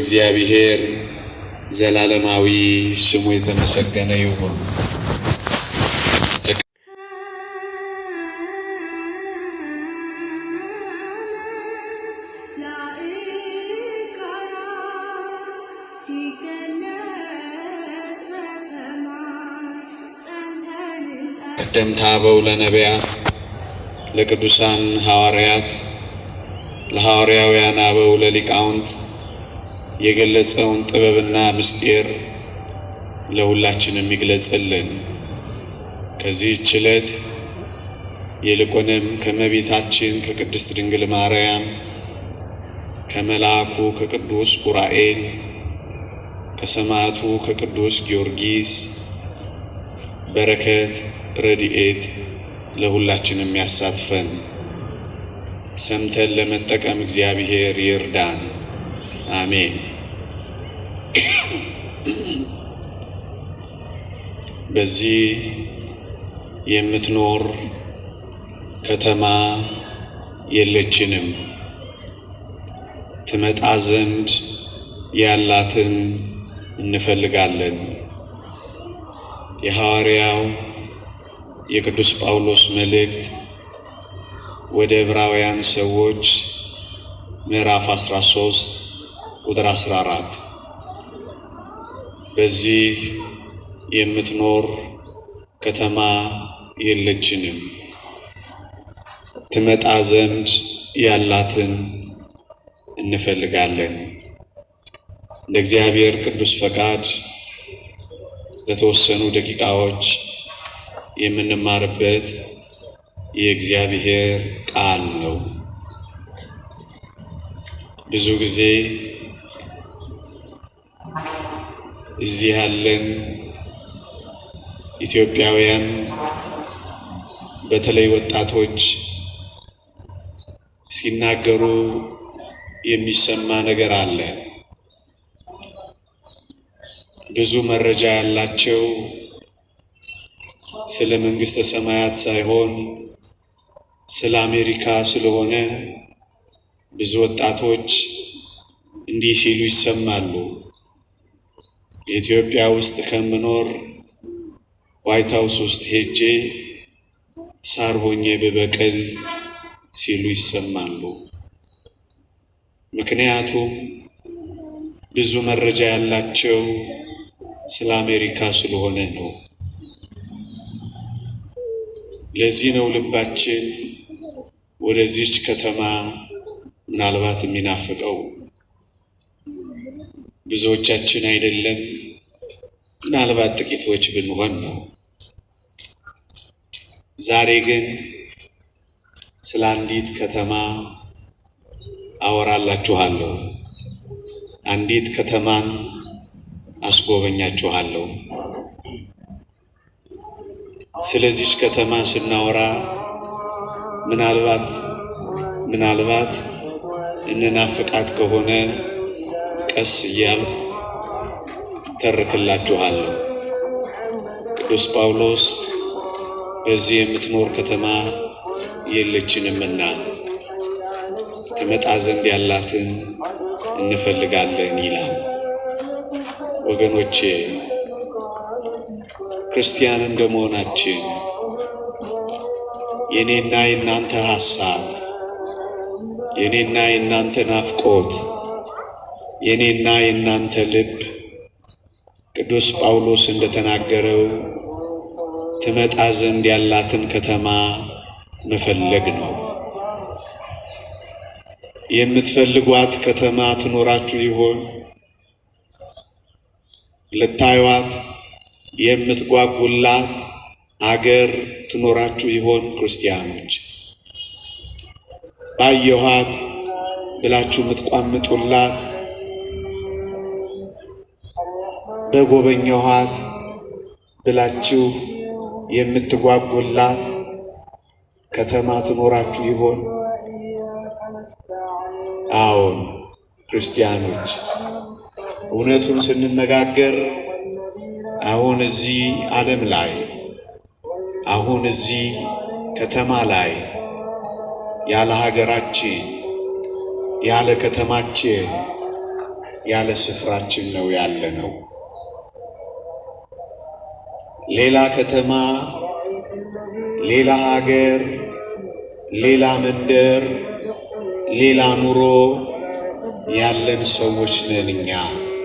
እግዚአብሔር ዘላለማዊ ስሙ የተመሰገነ ይሁን። ቀደምት አበው ለነቢያት፣ ለቅዱሳን ሐዋርያት፣ ለሐዋርያውያን አበው፣ ለሊቃውንት የገለጸውን ጥበብና ምስጢር ለሁላችንም ይግለጽልን። ከዚህች ዕለት ይልቁንም ከእመቤታችን ከቅድስት ድንግል ማርያም ከመልአኩ ከቅዱስ ዑራኤል ከሰማዕቱ ከቅዱስ ጊዮርጊስ በረከት ረድኤት ለሁላችንም ያሳትፈን። ሰምተን ለመጠቀም እግዚአብሔር ይርዳን። አሜን። በዚህ የምትኖር ከተማ የለችንም። ትመጣ ዘንድ ያላትን እንፈልጋለን። የሐዋርያው የቅዱስ ጳውሎስ መልእክት ወደ ዕብራውያን ሰዎች ምዕራፍ 13 ቁጥር 14 በዚህ የምትኖር ከተማ የለችንም፣ ትመጣ ዘንድ ያላትን እንፈልጋለን። እንደ እግዚአብሔር ቅዱስ ፈቃድ ለተወሰኑ ደቂቃዎች የምንማርበት የእግዚአብሔር ቃል ነው። ብዙ ጊዜ እዚህ ያለን ኢትዮጵያውያን በተለይ ወጣቶች ሲናገሩ የሚሰማ ነገር አለ። ብዙ መረጃ ያላቸው ስለ መንግስተ ሰማያት ሳይሆን ስለ አሜሪካ ስለሆነ ብዙ ወጣቶች እንዲህ ሲሉ ይሰማሉ። ኢትዮጵያ ውስጥ ከምኖር ዋይት ሀውስ ውስጥ ሄጄ ሳር ሆኜ ብበቅል ሲሉ ይሰማሉ። ምክንያቱም ብዙ መረጃ ያላቸው ስለ አሜሪካ ስለሆነ ነው። ለዚህ ነው ልባችን ወደዚች ከተማ ምናልባት የሚናፍቀው። ብዙዎቻችን አይደለም ምናልባት ጥቂቶች ብንሆን ነው። ዛሬ ግን ስለ አንዲት ከተማ አወራላችኋለሁ። አንዲት ከተማን አስጎበኛችኋለሁ። ስለዚች ከተማ ስናወራ ምናልባት ምናልባት እንናፍቃት ከሆነ ቀስ እያል ተርክላችኋለሁ። ቅዱስ ጳውሎስ በዚህ የምትኖር ከተማ የለችንምና ትመጣ ዘንድ ያላትን እንፈልጋለን ይላል። ወገኖቼ ክርስቲያን እንደመሆናችን የኔና የእናንተ ሐሳብ የኔና የእናንተ ናፍቆት የእኔና የእናንተ ልብ ቅዱስ ጳውሎስ እንደተናገረው ትመጣ ዘንድ ያላትን ከተማ መፈለግ ነው። የምትፈልጓት ከተማ ትኖራችሁ ይሆን? ልታዩዋት የምትጓጉላት አገር ትኖራችሁ ይሆን? ክርስቲያኖች ባየኋት ብላችሁ የምትቋምጡላት በጎበኘኋት ብላችሁ የምትጓጉላት ከተማ ትኖራችሁ ይሆን? አዎን ክርስቲያኖች፣ እውነቱን ስንነጋገር አሁን እዚህ ዓለም ላይ አሁን እዚህ ከተማ ላይ ያለ ሀገራችን፣ ያለ ከተማችን፣ ያለ ስፍራችን ነው ያለ ነው። ሌላ ከተማ፣ ሌላ ሀገር፣ ሌላ መንደር፣ ሌላ ኑሮ ያለን ሰዎች ነን እኛ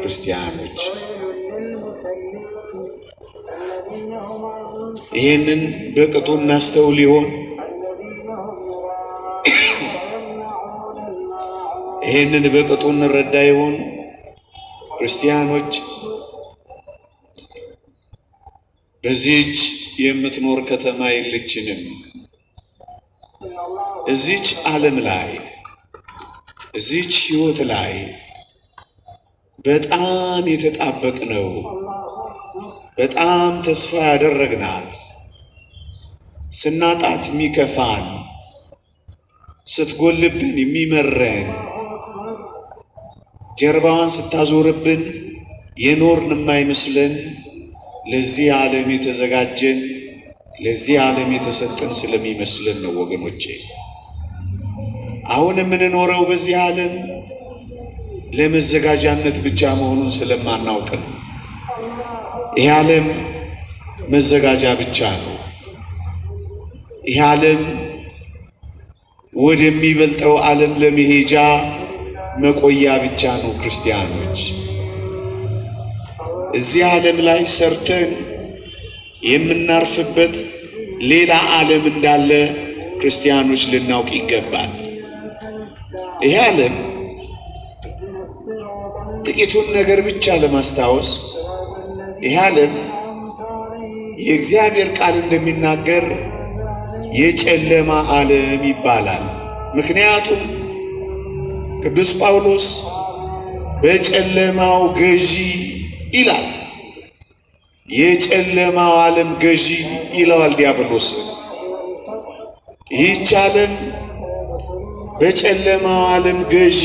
ክርስቲያኖች። ይሄንን በቅጡ እናስተውል ይሆን? ይሄንን በቅጡ እንረዳ ይሆን? ክርስቲያኖች በዚህች የምትኖር ከተማ የለችንም። እዚች ዓለም ላይ እዚች ሕይወት ላይ በጣም የተጣበቅ ነው። በጣም ተስፋ ያደረግናት ስናጣት የሚከፋን ስትጎልብን የሚመረን ጀርባዋን ስታዞርብን የኖርን የማይመስለን ለዚህ ዓለም የተዘጋጀን ለዚህ ዓለም የተሰጠን ስለሚመስለን ነው ወገኖቼ። አሁን የምንኖረው በዚህ ዓለም ለመዘጋጃነት ብቻ መሆኑን ስለማናውቅ ነው። ይህ ዓለም መዘጋጃ ብቻ ነው። ይህ ዓለም ወደሚበልጠው ዓለም ለመሄጃ መቆያ ብቻ ነው ክርስቲያኖች እዚህ ዓለም ላይ ሰርተን የምናርፍበት ሌላ ዓለም እንዳለ ክርስቲያኖች ልናውቅ ይገባል። ይህ ዓለም ጥቂቱን ነገር ብቻ ለማስታወስ ይህ ዓለም የእግዚአብሔር ቃል እንደሚናገር የጨለማ ዓለም ይባላል። ምክንያቱም ቅዱስ ጳውሎስ በጨለማው ገዢ ይላል። የጨለማው ዓለም ገዢ ይለዋል ዲያብሎስ። ይህች ዓለም በጨለማው ዓለም ገዢ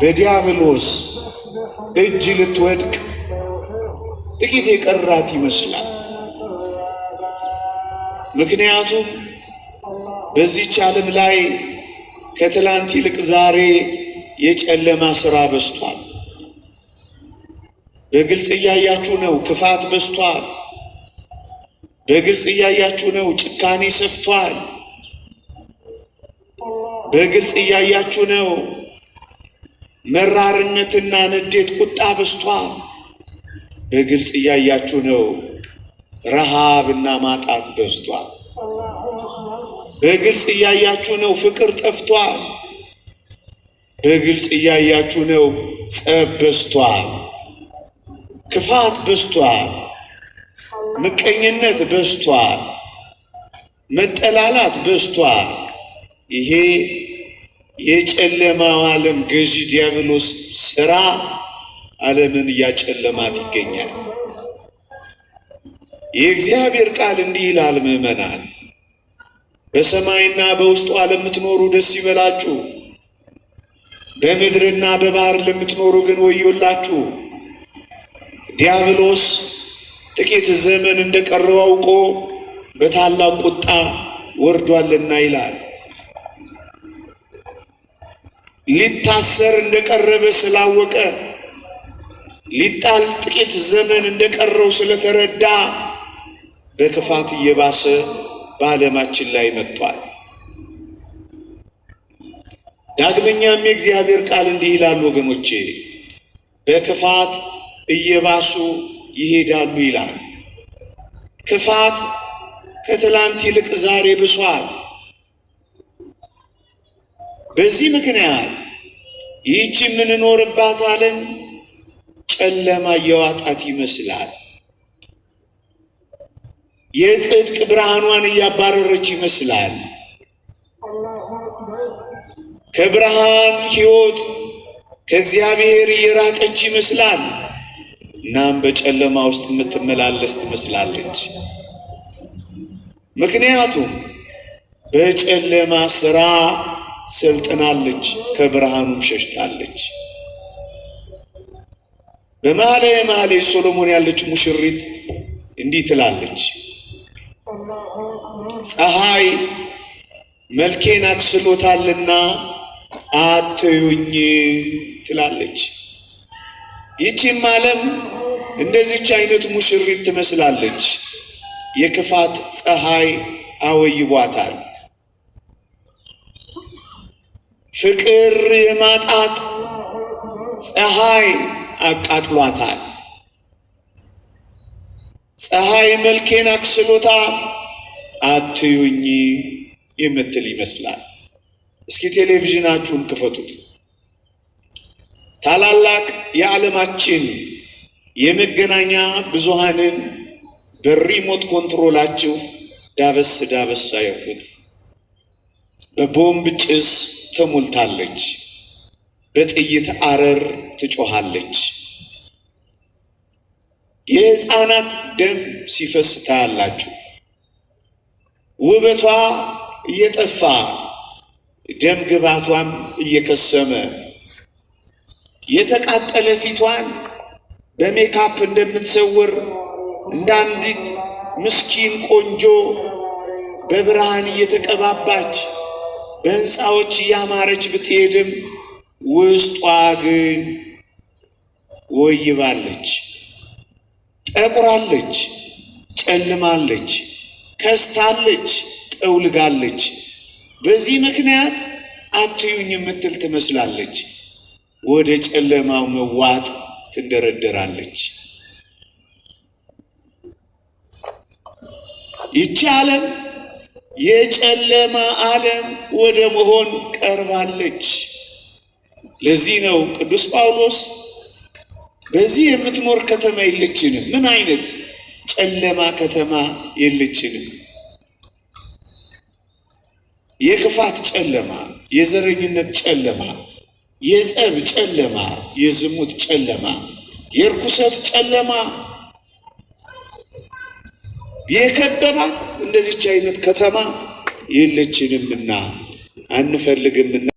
በዲያብሎስ እጅ ልትወድቅ ጥቂት የቀራት ይመስላል። ምክንያቱም በዚች ዓለም ላይ ከትላንት ይልቅ ዛሬ የጨለማ ሥራ በዝቷል። በግልጽ እያያችሁ ነው፣ ክፋት በዝቷል። በግልጽ እያያችሁ ነው፣ ጭካኔ ሰፍቷል። በግልጽ እያያችሁ ነው፣ መራርነትና ንዴት፣ ቁጣ በዝቷል። በግልጽ እያያችሁ ነው፣ ረሃብና ማጣት በዝቷል። በግልጽ እያያችሁ ነው፣ ፍቅር ጠፍቷል። በግልጽ እያያችሁ ነው፣ ጸብ በዝቷል። ክፋት በዝቷል፣ ምቀኝነት በዝቷል፣ መጠላላት በዝቷል። ይሄ የጨለማው ዓለም ገዢ ዲያብሎስ ስራ ዓለምን እያጨለማት ይገኛል። የእግዚአብሔር ቃል እንዲህ ይላል፣ ምዕመናን በሰማይና በውስጡ ለምትኖሩ ደስ ይበላችሁ፣ በምድርና በባህር ለምትኖሩ ግን ወዮላችሁ ዲያብሎስ ጥቂት ዘመን እንደቀረው አውቆ በታላቅ ቁጣ ወርዷልና ይላል። ሊታሰር እንደቀረበ ስላወቀ ሊጣል ጥቂት ዘመን እንደቀረው ስለተረዳ በክፋት እየባሰ በዓለማችን ላይ መጥቷል። ዳግመኛም የእግዚአብሔር ቃል እንዲህ ይላል ወገኖቼ በክፋት እየባሱ ይሄዳሉ ይላል። ክፋት ከትላንት ይልቅ ዛሬ ብሷል። በዚህ ምክንያት ይህች የምንኖርባት ዓለም ጨለማ እየዋጣት ይመስላል። የጽድቅ ብርሃኗን እያባረረች ይመስላል። ከብርሃን ሕይወት ከእግዚአብሔር እየራቀች ይመስላል። እናም በጨለማ ውስጥ የምትመላለስ ትመስላለች። ምክንያቱም በጨለማ ስራ ሰልጥናለች፣ ከብርሃኑም ሸሽታለች። በመሐሌ መሐሌ ሶሎሞን ያለች ሙሽሪት እንዲህ ትላለች፣ ፀሐይ መልኬን አክስሎታልና አትዩኝ ትላለች። ይቺም ዓለም እንደዚች አይነት ሙሽሪት ትመስላለች። የክፋት ፀሐይ አወይቧታል። ፍቅር የማጣት ፀሐይ አቃጥሏታል። ፀሐይ መልኬን አክስሎታ አትዩኝ የምትል ይመስላል። እስኪ ቴሌቪዥናችሁን ክፈቱት። ታላላቅ የዓለማችን የመገናኛ ብዙሃንን በሪሞት ኮንትሮላችሁ ዳበስ ዳበስ አየሁት። በቦምብ ጭስ ተሞልታለች፣ በጥይት አረር ትጮኻለች። የሕፃናት ደም ሲፈስ ታያላችሁ። ውበቷ እየጠፋ ደም ግባቷም እየከሰመ የተቃጠለ ፊቷን በሜካፕ እንደምትሰውር እንዳንዲት ምስኪን ቆንጆ በብርሃን እየተቀባባች በሕንፃዎች እያማረች ብትሄድም ውስጧ ግን ወይባለች፣ ጠቁራለች፣ ጨልማለች፣ ከስታለች፣ ጠውልጋለች። በዚህ ምክንያት አትዩኝ የምትል ትመስላለች። ወደ ጨለማው መዋጥ ትንደረደራለች። ይቺ ዓለም የጨለማ ዓለም ወደ መሆን ቀርባለች። ለዚህ ነው ቅዱስ ጳውሎስ በዚህ የምትኖር ከተማ የለችንም። ምን አይነት ጨለማ ከተማ የለችንም። የክፋት ጨለማ፣ የዘረኝነት ጨለማ የጸብ ጨለማ፣ የዝሙት ጨለማ፣ የርኩሰት ጨለማ የከበባት እንደዚች አይነት ከተማ የለችንምና አንፈልግምና